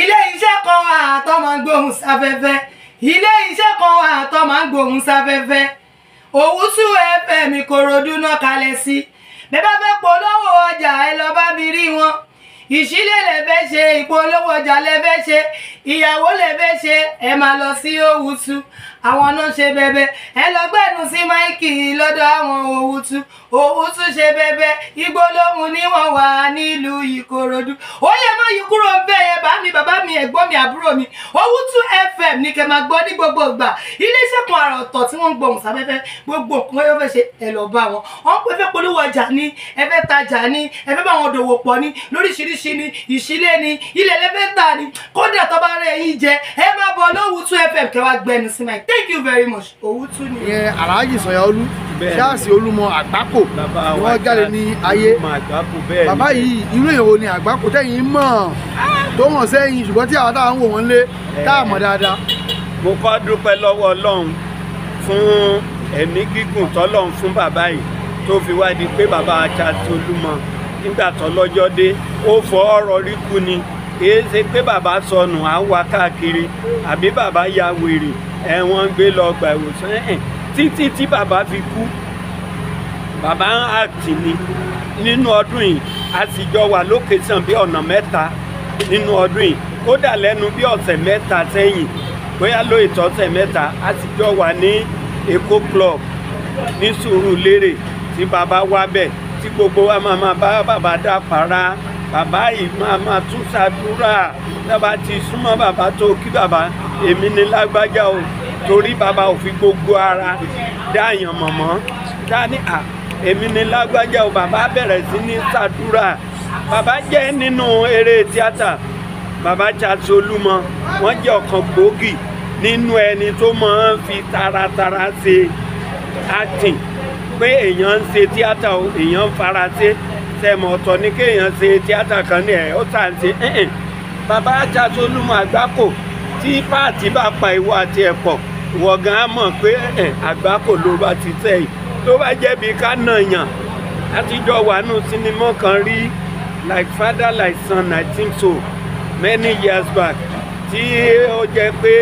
ilé iṣẹ́ kan wà tó máa ń gbóhùn sáfẹ́fẹ́ ilé iṣẹ́ kan wà tó máa ń gbóhùn sáfẹ́fẹ́ Owusu FM Ìkòròdú náà kalẹ̀ sí bẹ́ẹ̀ bá fẹ́ polówó ọjà ẹ lọ bá mi rí wọn ìṣílẹ̀ lẹ́fẹ́ ṣe ìpolówó ọjà lẹ́fẹ́ ṣe ìyàwó lẹ́fẹ́ ṣe ẹ máa lọ sí Owusu àwọn náà ṣe bẹbẹ ẹ lọ gbẹdùn sí máìkì lọ́dọ̀ àwọn Owusu Owusu ṣe bẹbẹ igbó lóhun níwọn wà nílùú Ìkòròdú ó yẹ mọ yìí ń bẹ yẹn bá mi bàbá àbúrò mi Owutu FM ní kẹ́ máa gbọ́ ní gbogbo ìgbà iléeṣẹ́ kan àrà ọ̀tọ̀ tí wọ́n ń gbọ̀hùn sáfẹ́fẹ́ gbogbo nǹkan yóò fẹ́ ṣe ẹ̀ lọ bá wọn wọ́n pè fẹ́ polówó ọjà ni ẹ fẹ́ tajà ni ẹ fẹ́ bá wọn dòwò pọ̀ ni lóríṣiríṣi ni ìṣílé ni ilẹ̀ ẹlẹ́fẹ́ ni kódà tó bá rẹ̀ yín jẹ ẹ máa bọ̀ lówùtú FM kẹ́ wá sí mi thank you very much Owutu ni. ẹ aláàjì sọyà olú ṣáàsì olúmọ àgbákò wọ́n jáde ní ayé bàbá yìí irú èèyàn wo ni àgbákò tẹ́yìn mọ̀ tó hàn sẹ́yìn ṣùgbọ́n tí àwọn táwọn ń wò wọ́n lé tá a mọ̀ dáadáa. mo kọ́ dúpẹ́ lọ́wọ́ ọlọ́run fún ẹ̀mí gígùn tọ́lọ́run fún bàbá yìí tó fi wá pé bàbá àṣàtì olúmọ nígbà tọ́lọ́jọ́ dé ó fọ ọ̀rọ̀ rí ni kìí ṣe pé bàbá sọnù à káàkiri àbí bàbá ya wèrè ẹ̀wọ̀n gbé lọ gbà ìwòsàn títí tí bàbá fi kú bàbá ń àtì ni nínú ọdún yìí a sì jọ wà lókè sàn bí ọ̀nà mẹ́ta nínú ọdún yìí kódà lẹ́nu bí ọ̀sẹ̀ mẹ́ta sẹ́yìn bóyá ló ìtọ́ mẹ́ta a sì jọ wà ní Èkó club ní Sùúrùlérè tí bàbá wá bẹ̀ tí gbogbo wa máa máa bá bàbá dá para bàbá yìí máa máa tún ṣàdúrà bàbá ti súnmọ́ bàbá tó kí bàbá èmi ni lágbájá o torí bàbá ò fi gbogbo ara dáàyàn mọ̀mọ́ dání à èmi ni lágbájá o bàbá bẹ̀rẹ̀ sí ní ṣàdúrà bàbá jẹ́ nínú eré tíátà bàbá Charles Olúmọ wọ́n jẹ́ ọ̀kan gbòógì nínú ẹni tó máa ń fi taratara ṣe acting pé èèyàn ń ṣe tíátà o èèyàn ń fara ṣe sẹ́mọ̀ ọ̀tọ̀ ni kéèyàn ṣe tíátà kan ní ẹ̀ ó tà ń ṣe bàbá Charles Olúmọ àgbákò tí páàtì bá pa ìwọ àti ẹ̀pọ̀ wọ̀gán á mọ̀ pé àgbá kò ló bá ti tẹ̀ yìí tó bá jẹ́bi ká nàyàn àtijọ́ wàánu sinimá kan rí like father like son I think so many years back tí ó jẹ́ pé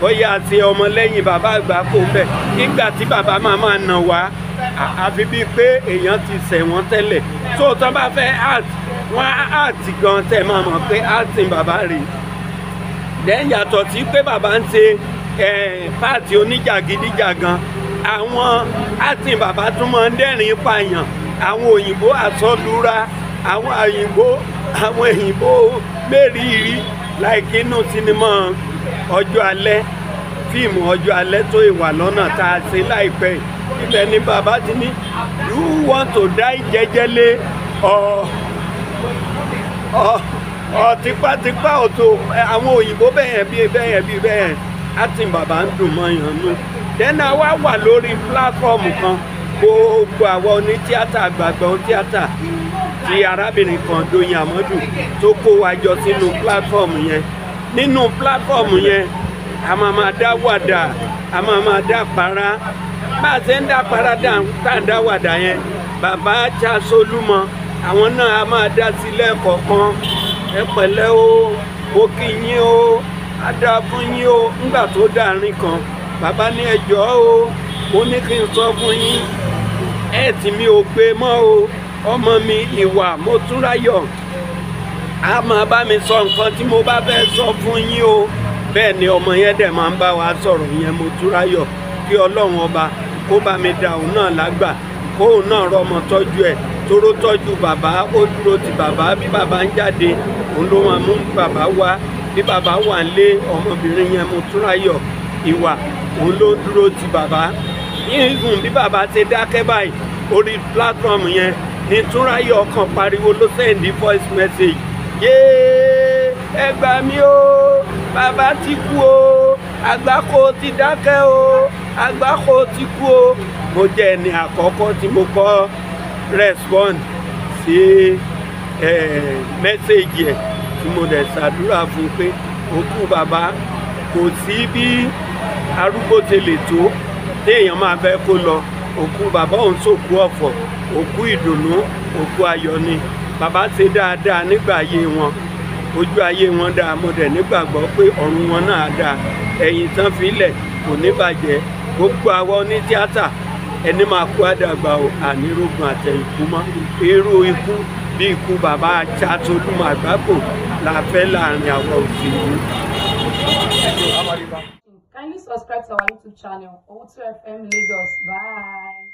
bóyá àti ọmọlẹ́yìn bàbá àgbà kò bẹ̀ nígbà tí bàbá máa máa nà wá àfi bíi pé èèyàn ti ṣẹ̀wọ̀n tẹ́lẹ̀ tó tán bá fẹ́ art wọn art gan tẹ̀ máa mọ̀ pé art ni bàbá rèé lẹ́yìn yàtọ̀ tí pé bàbá ń ṣe pààtì eh, oníjàgídíjàgan àwọn àtìn bàbá tún máa ń dẹ́rìn pààyàn àwọn òyìnbó àsọlùra àwọn òyìnbó àwọn òyìnbó mẹ́rìírí láìkí inú sinimá ọjọ́ alẹ́ fíìmù ọjọ́ alẹ́ tó ìwà lọ́nà tá a ṣe láìpẹ́ ibẹ̀ ni bàbá ti ní you want to die jẹjẹlé ọ̀ ọ̀ ọ̀ tipátipá ọ̀tọ̀ àwọn òyìnbó bẹ́ẹ̀ bí bẹ́ẹ̀ bí bẹ́ẹ̀ àti bàbá ń dùn mọ́ yàn nù dẹ́nà wa wà lórí pílátọ́ọ̀mù kan gbogbo àwọn onítíátà gbàgbà onítíátà ti arábìnrin kan Doyin Amadu tó kó wa jọ sínú pílátọ́ọ̀mù yẹn nínú pílátọ́ọ̀mù yẹn a máa máa dá wàdà a máa máa dá para bá a ṣe ń dá para dá ń dá wàdà yẹn bàbá Ṣàṣolúmọ àwọn náà a máa dá sí lẹ́ẹ̀kọ̀ọ̀kan ẹ pẹ̀lẹ́ o ó kí o àdá fún yín o ńgbà tó dárin kan bàbá ní ẹjọ́ o ó ní kí n sọ fún yín ẹ tí mi ò pé mọ́ o ọmọ mi ìwà mo tún ráyọ̀ a máa bá mi sọ nǹkan tí mo bá fẹ́ sọ fún yín o bẹ́ẹ̀ ni ọmọ yẹn dẹ̀ máa ń bá wa sọ̀rọ̀ yẹn mo tún ráyọ̀ kí ọlọ́run ọba kó bá mi da òun náà lágbà kóun náà rọmọ tọ́jú ẹ̀ toró tọ́jú bàbá ó dúró ti bàbá bí bàbá ń jáde òun ló máa mú bàbá wá bí bàbá wà lé ọmọbìnrin yẹn mo túráyọ̀ ìwà òun ló dúró ti bàbá yíyún bí bàbá ti dákẹ́ báyìí orí platform yẹn ní túráyọ̀ kan pariwo ló sẹ́ndí voice message yéé ẹ gbà mí o bàbá ti kú o àgbákò ti dákẹ́ o àgbákò ti kú o mo jẹ́ ẹni àkọ́kọ́ tí mo kọ́ respond sí eh, mẹ́sẹ̀gì ẹ̀ tí mo dẹ̀ ṣàdúrà fún pé òkú bàbá kò sí bí arúgbó ti lè tó téèyàn máa fẹ́ kó lọ òkú bàbá òun ṣòkú ọ̀fọ̀ òkú ìdùnnú òkú ayọ̀ ni bàbá ṣe dáadáa nígbà ayé wọn ojú ayé wọn dáa mo dẹ̀ nígbàgbọ́ pé ọ̀run wọn náà dáa ẹ̀yìn tán filẹ̀ kò ní bàjẹ́ gbogbo àwọn onítíátà ẹni máa kú àdàgbà ànírògùn àtẹ̀yìnkú mọ́ irú ikú bí ikú bàbá Charles Àgbàkò la fẹ́ láàrin àwọn òṣèlú. Kindly subscribe to our YouTube channel, Owutu FM Lagos. Bye.